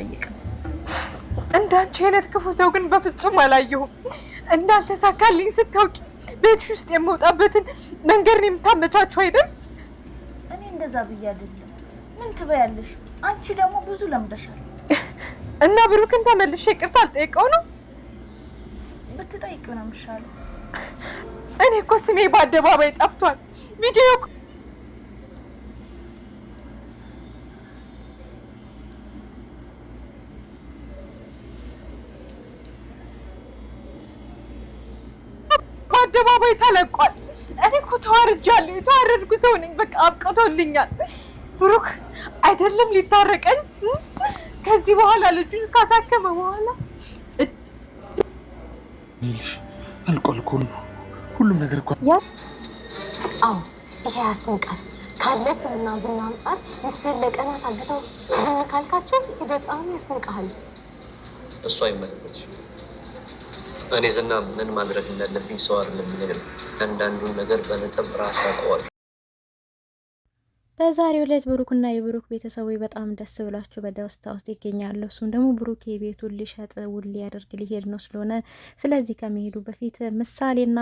አልጠይቅም። እንዳንቺ አይነት ክፉ ሰው ግን በፍጹም አላየሁም። እንዳልተሳካልኝ ስታውቂ ቤትሽ ውስጥ የመውጣበትን መንገድን የምታመቻቸው አይደል? እኔ እንደዛ ብዬ አይደለም። ምን ትበያለሽ? አንቺ ደግሞ ብዙ ለምደሻል። እና ብሩክን ተመልሼ ይቅርታ አልጠይቀው ነው? ብትጠይቂው ነው የሚሻለው። እኔ እኮ ስሜ በአደባባይ ጠፍቷል ቪዲዮ ተለቋል። እኔ እኮ ተዋርጃለሁ፣ የተዋረድኩ ሰው ነኝ። በቃ አብቅቶልኛል። ብሩክ አይደለም ሊታረቀኝ ከዚህ በኋላ ልጁን ካሳከመ በኋላ ልሽ አልቋል ሁሉም ነገር እኮ አዎ፣ ይሄ ያስንቃል። ካለ ስምና ዝና አንጻር ሚስትህን ለቀናት አግተው ዝም ካልካቸው በጣም ያስንቃሃል። እሱ አይመለከትሽም እኔ ዝና ምን ማድረግ እንዳለብኝ ሰው አይደለም። አንዳንዱን ነገር በነጥብ ራስ አውቀዋለሁ። በዛሬው ዕለት ብሩክና የብሩክ ቤተሰቦች በጣም ደስ ብሏቸው በደስታ ውስጥ ይገኛሉ። እሱም ደግሞ ብሩክ የቤቱን ሊሸጥ ውል ሊያደርግ ሊሄድ ነው ስለሆነ ስለዚህ ከመሄዱ በፊት ምሳሌና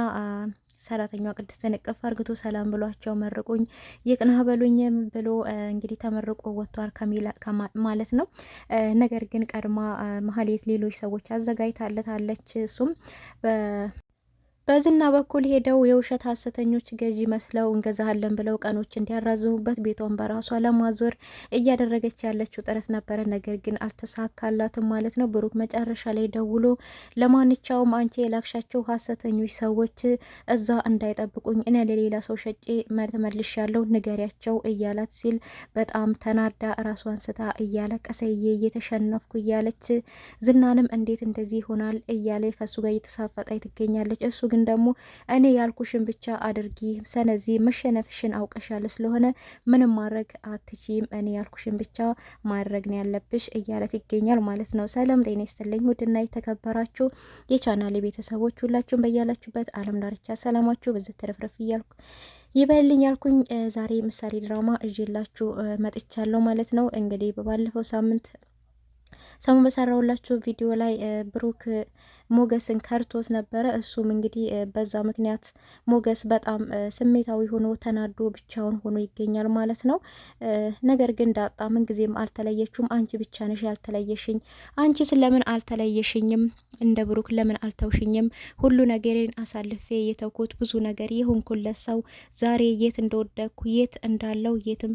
ሰራተኛዋ ቅድስትን እቅፍ አርግቶ ሰላም ብሏቸው መርቆኝ ይቅና በሉኝም ብሎ እንግዲህ ተመርቆ ወጥቷል ማለት ነው። ነገር ግን ቀድማ ማህሌት ሌሎች ሰዎች አዘጋጅታለታለች እሱም በዝና በኩል ሄደው የውሸት ሀሰተኞች ገዢ መስለው እንገዛሃለን ብለው ቀኖች እንዲያራዝሙበት ቤቷን በራሷ ለማዞር እያደረገች ያለችው ጥረት ነበረ። ነገር ግን አልተሳካላትም ማለት ነው። ብሩክ መጨረሻ ላይ ደውሎ ለማንቻውም አንቺ የላክሻቸው ሀሰተኞች ሰዎች እዛ እንዳይጠብቁኝ እኔ ለሌላ ሰው ሸጬ መልሽ ያለው ንገሪያቸው እያላት ሲል በጣም ተናዳ ራሷን ስታ እያለቀሰ እየተሸነፍኩ እያለች ዝናንም እንዴት እንደዚህ ይሆናል እያለ ከሱ ጋር እየተሳፈጣይ ትገኛለች። እሱ ግን ግን ደግሞ እኔ ያልኩሽን ብቻ አድርጊ፣ ስለዚህ መሸነፍሽን አውቀሻለ ስለሆነ ምንም ማድረግ አትችም፣ እኔ ያልኩሽን ብቻ ማድረግ ነው ያለብሽ እያለት ይገኛል ማለት ነው። ሰላም ጤና ይስጥልኝ ውድና የተከበራችሁ የቻናሌ ቤተሰቦች ሁላችሁም በያላችሁበት አለም ዳርቻ ሰላማችሁ በዚህ ተረፍረፍ እያልኩ ይበልኝ ያልኩኝ ዛሬ ምሳሌ ድራማ እዤላችሁ መጥቻለሁ ማለት ነው። እንግዲህ በባለፈው ሳምንት ሰሞኑን በሰራሁላችሁ ቪዲዮ ላይ ብሩክ ሞገስን ከርቶት ነበረ። እሱም እንግዲህ በዛ ምክንያት ሞገስ በጣም ስሜታዊ ሆኖ ተናዶ ብቻውን ሆኖ ይገኛል ማለት ነው። ነገር ግን ዳጣ ምንጊዜም አልተለየችም። አንቺ ብቻ ነሽ ያልተለየሽኝ። አንቺስ ለምን አልተለየሽኝም? እንደ ብሩክ ለምን አልተውሽኝም? ሁሉ ነገሬን አሳልፌ የተውኩት ብዙ ነገር የሆንኩለት ሰው ዛሬ የት እንደወደኩ የት እንዳለው የትም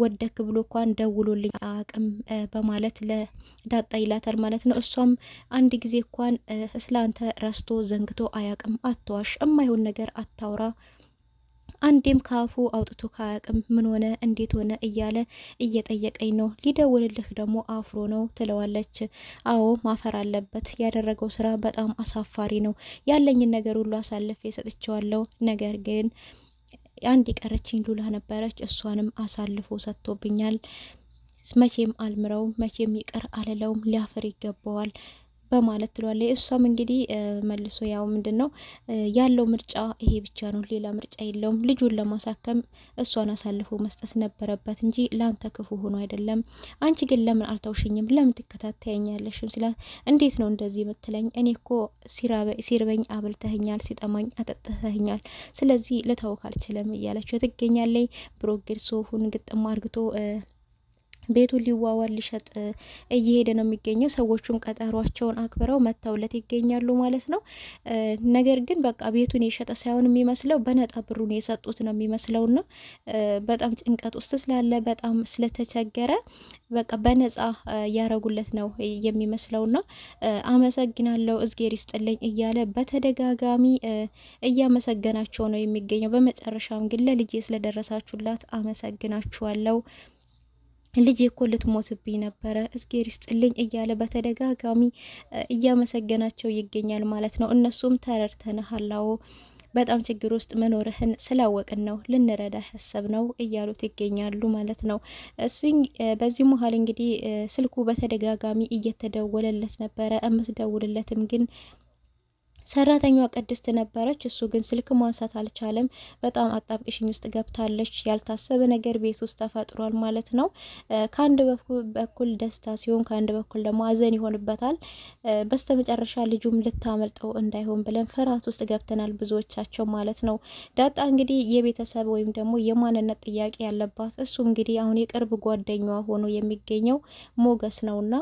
ወደክ ብሎ እንኳን ደውሎልኝ አቅም በማለት ለዳጣ ይላታል ማለት ነው። እሷም አንድ ጊዜ እንኳን ስላንተ ረስቶ ዘንግቶ አያቅም። አትዋሽ፣ እማይሆን ነገር አታውራ አንዴም ከአፉ አውጥቶ ካያቅም ምን ሆነ እንዴት ሆነ እያለ እየጠየቀኝ ነው። ሊደውልልህ ደግሞ አፍሮ ነው ትለዋለች። አዎ ማፈር አለበት። ያደረገው ስራ በጣም አሳፋሪ ነው። ያለኝን ነገር ሁሉ አሳልፌ ሰጥቼዋለሁ። ነገር ግን አንድ የቀረችኝ ሉላ ነበረች። እሷንም አሳልፎ ሰጥቶብኛል። መቼም አልምረውም፣ መቼም ይቅር አልለውም። ሊያፍር ይገባዋል። በማለት ትሏለች። እሷም እንግዲህ መልሶ ያው ምንድን ነው ያለው ምርጫ ይሄ ብቻ ነው፣ ሌላ ምርጫ የለውም። ልጁን ለማሳከም እሷን አሳልፎ መስጠት ነበረበት እንጂ ለአንተ ክፉ ሆኖ አይደለም። አንቺ ግን ለምን አልተውሽኝም? ለምን ትከታተያኛለሽም? ስላት እንዴት ነው እንደዚህ ምትለኝ? እኔ እኮ ሲርበኝ አብልተህኛል፣ ሲጠማኝ አጠጥተህኛል። ስለዚህ ልተውክ አልችልም እያለችው ትገኛለች። ብሮጌድ ሶፉን ግጥም አርግቶ ቤቱን ሊዋዋል ሊሸጥ እየሄደ ነው የሚገኘው። ሰዎቹም ቀጠሯቸውን አክብረው መተውለት ይገኛሉ ማለት ነው። ነገር ግን በቃ ቤቱን የሸጠ ሳይሆን የሚመስለው በነጣ ብሩን የሰጡት ነው ና በጣም ጭንቀት ውስጥ ስላለ በጣም ስለተቸገረ በቃ በነጻ እያረጉለት ነው የሚመስለው ና አመሰግናለሁ፣ እዝጌር ይስጥልኝ እያለ በተደጋጋሚ እያመሰገናቸው ነው የሚገኘው። በመጨረሻም ግን ለልጄ ስለደረሳችሁላት አመሰግናችኋለሁ ልጅ እኮ ልትሞትብኝ ነበረ እግዜር ይስጥልኝ እያለ በተደጋጋሚ እያመሰገናቸው ይገኛል ማለት ነው። እነሱም ተረድተንሃል፣ በጣም ችግር ውስጥ መኖርህን ስላወቅን ነው ልንረዳህ ያሰብ ነው እያሉት ይገኛሉ ማለት ነው። እስኝ በዚህ መሀል እንግዲህ ስልኩ በተደጋጋሚ እየተደወለለት ነበረ። እምትደውልለትም ግን ሰራተኛዋ ቅድስት ነበረች። እሱ ግን ስልክ ማንሳት አልቻለም። በጣም አጣብቅሽኝ ውስጥ ገብታለች። ያልታሰበ ነገር ቤት ውስጥ ተፈጥሯል ማለት ነው። ከአንድ በኩል ደስታ ሲሆን፣ ከአንድ በኩል ደግሞ አዘን ይሆንበታል። በስተመጨረሻ ልጁም ልታመልጠው እንዳይሆን ብለን ፍርሃት ውስጥ ገብተናል ብዙዎቻቸው ማለት ነው። ዳጣ እንግዲህ የቤተሰብ ወይም ደግሞ የማንነት ጥያቄ ያለባት እሱ እንግዲህ አሁን የቅርብ ጓደኛዋ ሆኖ የሚገኘው ሞገስ ነውና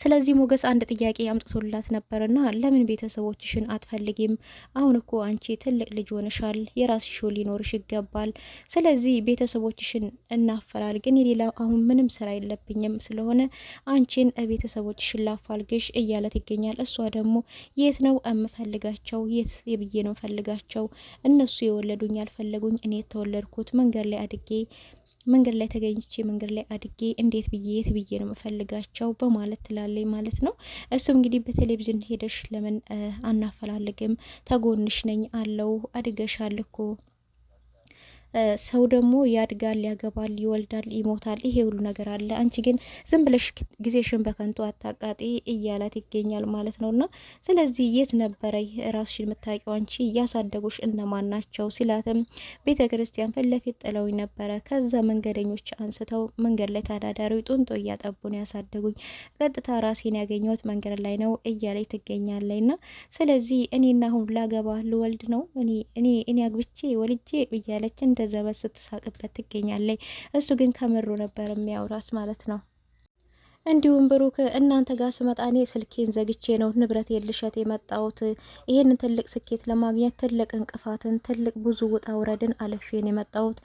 ስለዚህ ሞገስ አንድ ጥያቄ አምጥቶላት ነበርና ለምን ቤተሰቦችሽን አትፈልጊም? አሁን እኮ አንቺ ትልቅ ልጅ ሆነሻል፣ የራስሽ ሊኖርሽ ይገባል። ስለዚህ ቤተሰቦችሽን እናፈራል፣ ግን የሌላ አሁን ምንም ስራ የለብኝም፣ ስለሆነ አንቺን ቤተሰቦችሽን ላፋልግሽ እያለት ይገኛል። እሷ ደግሞ የት ነው የምፈልጋቸው? የት የብዬ ነው ፈልጋቸው? እነሱ የወለዱኝ አልፈለጉኝ፣ እኔ የተወለድኩት መንገድ ላይ አድጌ መንገድ ላይ ተገኝቼ መንገድ ላይ አድጌ እንዴት ብዬ የት ብዬ ነው የምፈልጋቸው በማለት ትላለኝ ማለት ነው። እሱም እንግዲህ በቴሌቪዥን ሄደሽ ለምን አናፈላልግም? ተጎንሽ ነኝ አለው አድገሻል እኮ ሰው ደግሞ ያድጋል፣ ያገባል፣ ይወልዳል፣ ይሞታል። ይሄ ሁሉ ነገር አለ። አንቺ ግን ዝም ብለሽ ጊዜሽን በከንቱ አታቃጢ እያላት ይገኛል ማለት ነው። እና ስለዚህ የት ነበረ ራስሽን የምታውቂው አንቺ እያሳደጉሽ እነማን ናቸው ሲላትም፣ ቤተ ክርስቲያን ፊት ለፊት ጥለውኝ ነበረ። ከዛ መንገደኞች አንስተው መንገድ ላይ ታዳዳሪው ጡንጦ ነው ያሳደጉኝ፣ ቀጥታ ራሴን ያገኘሁት መንገድ ላይ ነው እያለች ትገኛለች። እና ስለዚህ እኔና አሁን ላገባ ልወልድ ነው እኔ እኔ አግብቼ ወልጄ እያለችን ዘበት ስትሳቅበት ትገኛለች። እሱ ግን ከምሩ ነበር የሚያውራት ማለት ነው። እንዲሁም ብሩክ እናንተ ጋር ስመጣ እኔ ስልኬን ዘግቼ ነው ንብረት የልሸት የመጣሁት። ይህንን ትልቅ ስኬት ለማግኘት ትልቅ እንቅፋትን፣ ትልቅ ብዙ ውጣ ውረድን አለፌን የመጣሁት።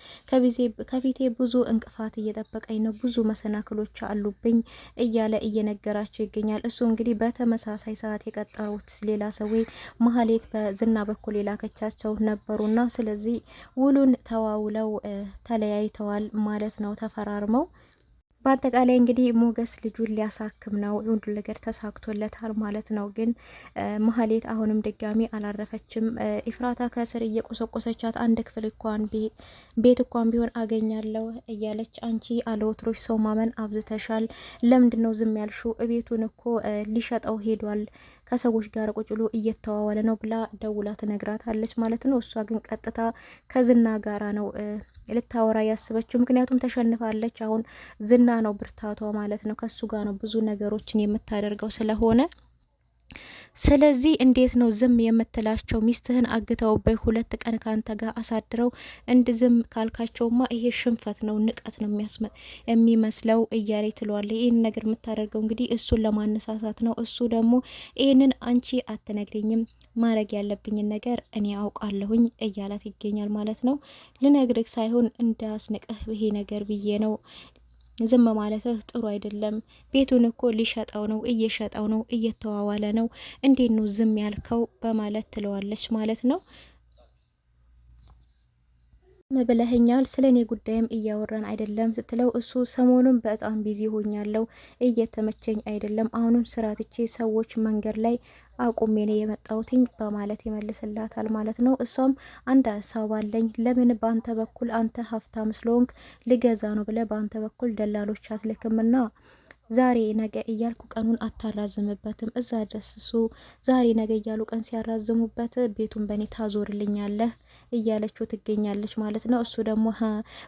ከፊቴ ብዙ እንቅፋት እየጠበቀኝ ነው፣ ብዙ መሰናክሎች አሉብኝ እያለ እየነገራቸው ይገኛል። እሱ እንግዲህ በተመሳሳይ ሰዓት የቀጠሩት ሌላ ሰዌ መሀሌት በዝና በኩል የላከቻቸው ነበሩና ስለዚህ ውሉን ተዋውለው ተለያይተዋል ማለት ነው ተፈራርመው በአጠቃላይ እንግዲህ ሞገስ ልጁን ሊያሳክም ነው። ሁሉ ነገር ተሳክቶለታል ማለት ነው። ግን መሀሌት አሁንም ድጋሚ አላረፈችም። ኢፍራታ ከስር እየቆሰቆሰቻት አንድ ክፍል እንኳን ቤት እንኳን ቢሆን አገኛለሁ እያለች አንቺ አለወትሮች ሰው ማመን አብዝተሻል። ለምንድን ነው ዝም ያልሹ? እቤቱን እኮ ሊሸጠው ሄዷል ከሰዎች ጋር ቁጭ ብሎ እየተዋዋለ ነው ብላ ደውላ ትነግራታለች ማለት ነው። እሷ ግን ቀጥታ ከዝና ጋራ ነው ልታወራ ያስበችው። ምክንያቱም ተሸንፋለች። አሁን ዝና ነው ብርታቷ ማለት ነው። ከሱ ጋር ነው ብዙ ነገሮችን የምታደርገው ስለሆነ ስለዚህ እንዴት ነው ዝም የምትላቸው? ሚስትህን አግተውብህ ሁለት ቀን ካንተ ጋር አሳድረው እንድ ዝም ካልካቸውማ ይሄ ሽንፈት ነው፣ ንቀት ነው የሚመስለው እያሬ ትለዋለ። ይህን ነገር የምታደርገው እንግዲህ እሱን ለማነሳሳት ነው። እሱ ደግሞ ይህንን አንቺ አትነግሪኝም፣ ማድረግ ያለብኝን ነገር እኔ አውቃለሁኝ እያላት ይገኛል ማለት ነው። ልነግርህ ሳይሆን እንዳስንቅህ ይሄ ነገር ብዬ ነው ዝም ማለትህ ጥሩ አይደለም። ቤቱን እኮ ሊሸጠው ነው፣ እየሸጠው ነው፣ እየተዋዋለ ነው። እንዴት ነው ዝም ያልከው? በማለት ትለዋለች ማለት ነው። ብለህኛል ስለ እኔ ጉዳይም እያወራን አይደለም ስትለው እሱ ሰሞኑን በጣም ቢዚ ሆኛለሁ፣ እየተመቸኝ አይደለም፣ አሁንም ስራ ትቼ ሰዎች መንገድ ላይ አቁሜ ነው የመጣሁትኝ በማለት ይመልስላታል ማለት ነው። እሷም አንድ ሀሳብ አለኝ፣ ለምን በአንተ በኩል አንተ ሀብታም ስለሆንክ ልገዛ ነው ብለህ በአንተ በኩል ደላሎች አትልክምና ዛሬ ነገ እያልኩ ቀኑን አታራዝምበትም። እዛ ድረስ እሱ ዛሬ ነገ እያሉ ቀን ሲያራዝሙበት ቤቱን በእኔ ታዞርልኛለህ እያለችው ትገኛለች ማለት ነው። እሱ ደግሞ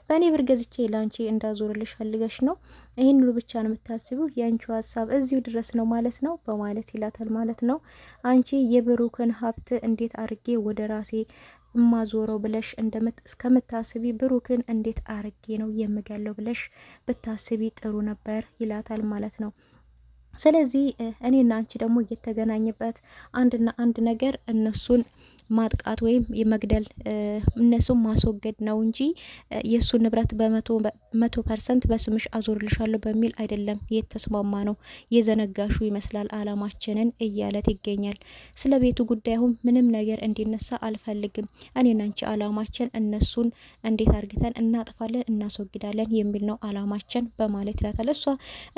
በእኔ ብር ገዝቼ ላንቺ እንዳዞርልሽ ፈልገሽ ነው ይህን ሁሉ ብቻ ነው የምታስቢው፣ የአንቺ ሀሳብ እዚሁ ድረስ ነው ማለት ነው በማለት ይላታል ማለት ነው። አንቺ የብሩክን ሀብት እንዴት አድርጌ ወደ ራሴ እማዞረው ብለሽ እስከምታስቢ ብሩክን እንዴት አርጌ ነው የምገለው ብለሽ ብታስቢ ጥሩ ነበር ይላታል ማለት ነው። ስለዚህ እኔና አንቺ ደግሞ እየተገናኝበት አንድና አንድ ነገር እነሱን ማጥቃት ወይም የመግደል እነሱን ማስወገድ ነው እንጂ የእሱ ንብረት በመቶ ፐርሰንት በስምሽ አዞርልሻለሁ በሚል አይደለም የተስማማ ነው። የዘነጋሹ ይመስላል አላማችንን እያለት ይገኛል። ስለ ቤቱ ጉዳይ አሁን ምንም ነገር እንዲነሳ አልፈልግም። እኔና አንቺ አላማችን እነሱን እንዴት አርግተን እናጥፋለን እናስወግዳለን የሚል ነው አላማችን በማለት ይላታል። እሷ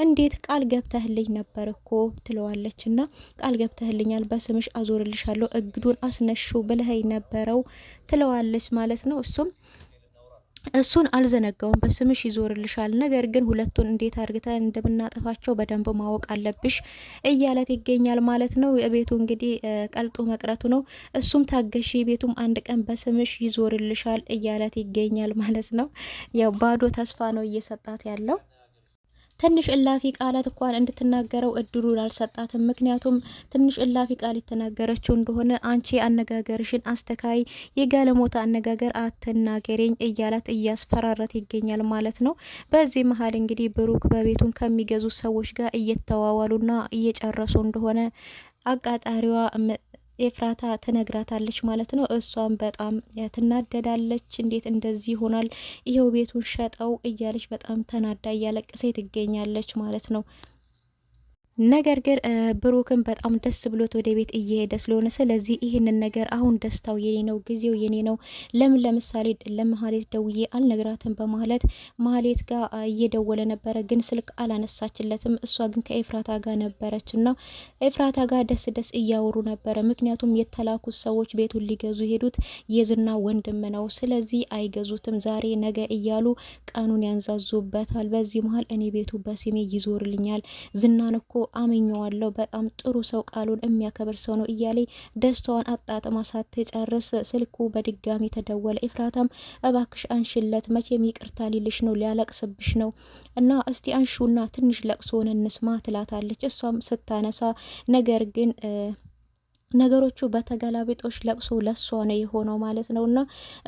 እንዴት ቃል ገብተህልኝ ነበር እኮ ትለዋለች እና ቃል ገብተህልኛል በስምሽ አዞርልሻለሁ እግዱን አስነሹ ብለህ ነበረው ትለዋለች ማለት ነው። እሱም እሱን አልዘነጋውም፣ በስምሽ ይዞርልሻል። ነገር ግን ሁለቱን እንዴት አድርግተን እንደምናጠፋቸው በደንብ ማወቅ አለብሽ እያለት ይገኛል ማለት ነው። የቤቱ እንግዲህ ቀልጦ መቅረቱ ነው። እሱም ታገሺ፣ ቤቱም አንድ ቀን በስምሽ ይዞርልሻል እያለት ይገኛል ማለት ነው። ያው ባዶ ተስፋ ነው እየሰጣት ያለው። ትንሽ እላፊ ቃላት እንኳን እንድትናገረው እድሉን አልሰጣትም። ምክንያቱም ትንሽ እላፊ ቃል የተናገረችው እንደሆነ አንቺ አነጋገርሽን አስተካይ፣ የጋለሞታ አነጋገር አትናገሬኝ እያላት እያስፈራረት ይገኛል ማለት ነው። በዚህ መሀል እንግዲህ ብሩክ በቤቱን ከሚገዙ ሰዎች ጋር እየተዋዋሉና እየጨረሱ እንደሆነ አቃጣሪዋ ኤፍራታ ትነግራታለች ማለት ነው። እሷም በጣም ትናደዳለች። እንዴት እንደዚህ ይሆናል? ይኸው ቤቱን ሸጠው እያለች በጣም ተናዳ እያለቀሰ ትገኛለች ማለት ነው። ነገር ግን ብሩክን በጣም ደስ ብሎት ወደ ቤት እየሄደ ስለሆነ ስለዚህ ይህንን ነገር አሁን ደስታው የኔ ነው፣ ጊዜው የኔ ነው፣ ለምን ለምሳሌ ለመሀሌት ደውዬ አልነግራትም በማለት መሀሌት ጋር እየደወለ ነበረ፣ ግን ስልክ አላነሳችለትም። እሷ ግን ከኤፍራታ ጋር ነበረች እና ኤፍራታ ጋር ደስ ደስ እያወሩ ነበረ። ምክንያቱም የተላኩት ሰዎች ቤቱን ሊገዙ ሄዱት የዝና ወንድም ነው፣ ስለዚህ አይገዙትም ዛሬ ነገ እያሉ ቀኑን ያንዛዙበታል። በዚህ መሀል እኔ ቤቱ በስሜ ይዞርልኛል ዝናን እኮ አመኘዋለሁ፣ በጣም ጥሩ ሰው፣ ቃሉን የሚያከብር ሰው ነው እያለ ደስታዋን አጣጥማ ሳትጨርስ ስልኩ በድጋሚ ተደወለ። ኤፍራታም እባክሽ አንሽለት፣ መቼም ይቅርታ ሊልሽ ነው፣ ሊያለቅስብሽ ነው እና እስቲ አንሹና ትንሽ ለቅሶ ለቅሶን እንስማ ትላታለች። እሷም ስታነሳ ነገር ግን ነገሮቹ በተገላቢጦሽ ለቅሶ ለሷ ነው የሆነው ማለት ነው። እና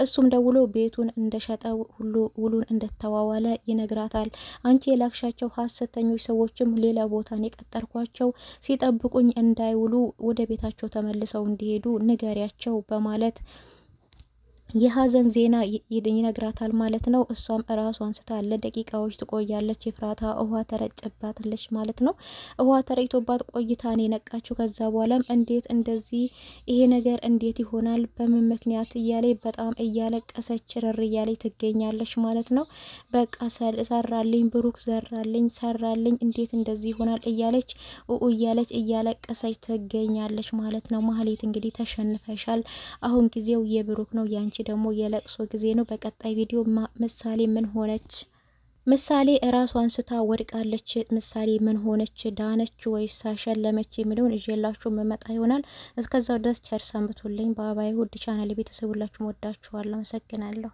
እሱም ደውሎ ቤቱን እንደሸጠ ሁሉ ውሉን እንደተዋዋለ ይነግራታል። አንቺ የላክሻቸው ሀሰተኞች ሰዎችም ሌላ ቦታን የቀጠርኳቸው ሲጠብቁኝ እንዳይውሉ ወደ ቤታቸው ተመልሰው እንዲሄዱ ንገሪያቸው በማለት የሀዘን ዜና ይነግራታል ማለት ነው። እሷም ራሷን ስታለ ደቂቃዎች ትቆያለች። ኤፍራታ ውሃ ተረጭባታለች ማለት ነው። ውሃ ተረጭቶባት ቆይታን የነቃችው ከዛ በኋላም እንዴት እንደዚህ ይሄ ነገር እንዴት ይሆናል በምን ምክንያት እያለ በጣም እያለቀሰች ርር እያለ ትገኛለች ማለት ነው። በቃ ሰራልኝ ብሩክ ዘራልኝ ሰራልኝ እንዴት እንደዚህ ይሆናል እያለች ኡ እያለች እያለቀሰች ትገኛለች ማለት ነው። ማህሌት እንግዲህ ተሸንፈሻል፣ አሁን ጊዜው የብሩክ ነው ያንቺ ደግሞ የለቅሶ ጊዜ ነው። በቀጣይ ቪዲዮ ምሳሌ ምን ሆነች? ምሳሌ እራሷ አንስታ ወድቃለች። ምሳሌ ምን ሆነች? ዳነች ወይስ አሸለመች? የሚለውን እዤላችሁ መመጣ ይሆናል። እስከዛው ድረስ ቸር ሰንብቱልኝ። በአባይ ውድ ቻናል ቤተሰቡላችሁ ወዳችኋለሁ። አመሰግናለሁ።